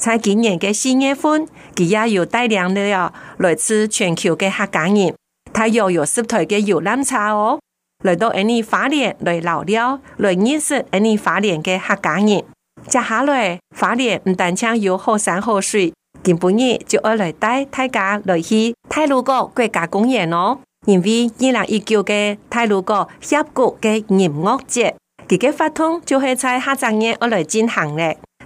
在今年的四月份，炎，佢也有帶領到了來自全球的客家人，他又有，有十台的遊覽車哦。來到印尼花蓮來老了，來認識印尼花蓮的客家人。接下來花蓮不但止有好山好水，近半年就要來帶大家來去太魯閣國家公園哦。因為二零一九嘅太魯閣峽谷的音樂節，佢嘅活動就係在下個月要來進行的。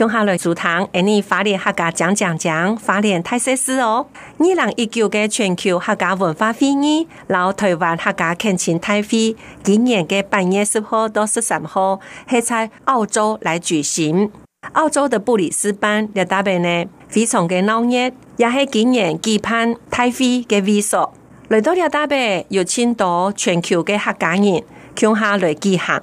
匈哈來煮堂而你法聯客家講講講，法聯太奢侈哦。二零一九嘅全球客家文化會議，然後台灣客家懇親大會今年嘅八月十號到十三號，在澳洲來舉行。澳洲的布里斯班嘅打扮呢，非常嘅鬧熱，也是今年期盼泰菲嘅微笑。來到來打扮，有全球嘅客家人匈哈來舉行。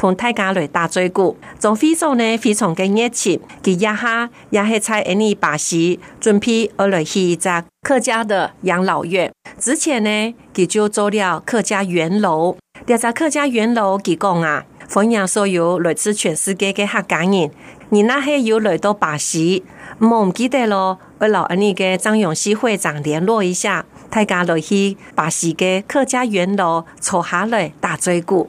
從大家來打嘴鼓，總非洲呢非常嘅熱情，佢一哈也是在安尼巴西準備，我來去一個客家的養老院。之前呢，佢就做了客家圓樓。兩個客家圓樓，佢講啊，歡迎所有來自全世界的客家人。你那黑有來到巴西，唔記得咯，我老安尼嘅張永西會長聯絡一下，大家來去巴西嘅客家圓樓坐下來打嘴鼓。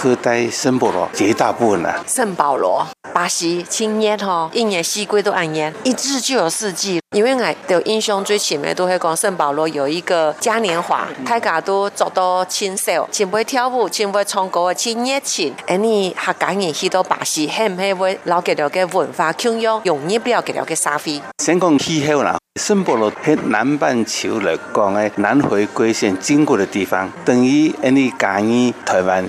去帶聖保羅，絕大部分啦。聖保羅，巴西，青煙吼，一年四季都安煙，一支就有四季。因為俺都印象最前面都是講聖保羅有一個嘉年華，大家都做到輕秀，先不會跳舞，先不會唱歌，輕煙輕。哎，你下假如去到巴西，肯唔肯會了解了解文化？圈養，容易不要了解個沙發。先講氣候啦，聖保羅喺南半球來講，喺南回歸線經過的地方，等於哎你假如台灣。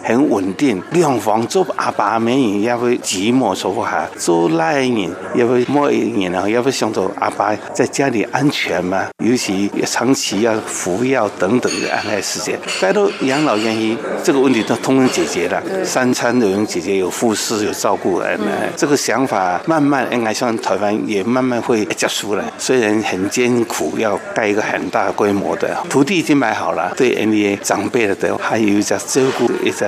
很穩定，兩房租阿爸阿妹，要不寂寞守護下？做那一年，要不要摸一年？要不想做阿爸，爸，在家裏安全嘛，尤其長期要服藥等等的安排時間太到養老院，這個問題都通通解決了。三餐都有解決，有護士，有照顧人、嗯嗯。這個想法慢慢應該像台灣也慢慢會結束了。雖然很艱苦，要蓋一個很大規模的土地已經買好了，對 NBA 長輩的還有一家照顧。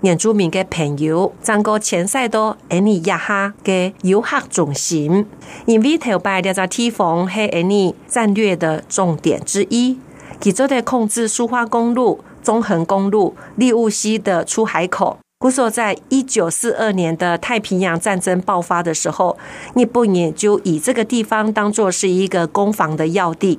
年族民嘅朋友，爭過淺水 y 而你一下嘅要客中心，因為頭白呢個地方係 any 戰略的重點之一，其中嘅控制書畫公路、中橫公路、利物溪的出海口。古時候在一九四二年的太平洋戰爭爆發的時候，日本也就以這個地方當作是一個攻防的要地。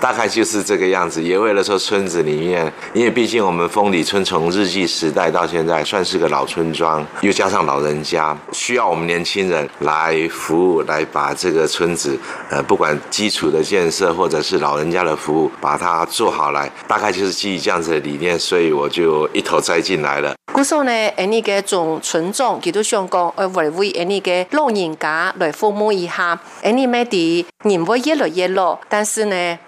大概就是這個樣子，也為了說村子裏面，因為畢竟我們豐里村從日據時代到現在算是個老村莊，又加上老人家需要我們年輕人來服務，來把這個村子，呃，不管基礎的建設或者是老人家的服務，把它做好來。大概就是基於這樣子的理念，所以我就一頭栽進來了。古時候呢，印尼嘅種村種，佢都想講，呃，為為印尼嘅老人家來服務一下，印尼乜啲人會越來越老，但是呢。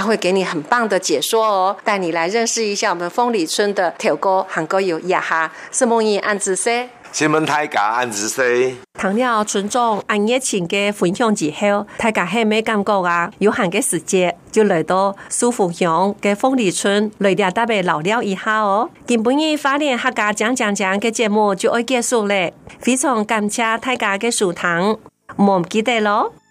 他會給你很棒的解說哦，帶你來認識一下我們鳳裡村的條歌，喊歌有一下，是夢依安子西，是大家安子西。唐鳥群眾安夜情的分享之後，大家係咩感覺啊？有限的時間就來到蘇福鄉嘅鳳裡村，來了，阿伯聊了一下哦。今晡日花蓮客家講講講的節目就愛結束了，非常感謝大家嘅收聽，唔記得咯。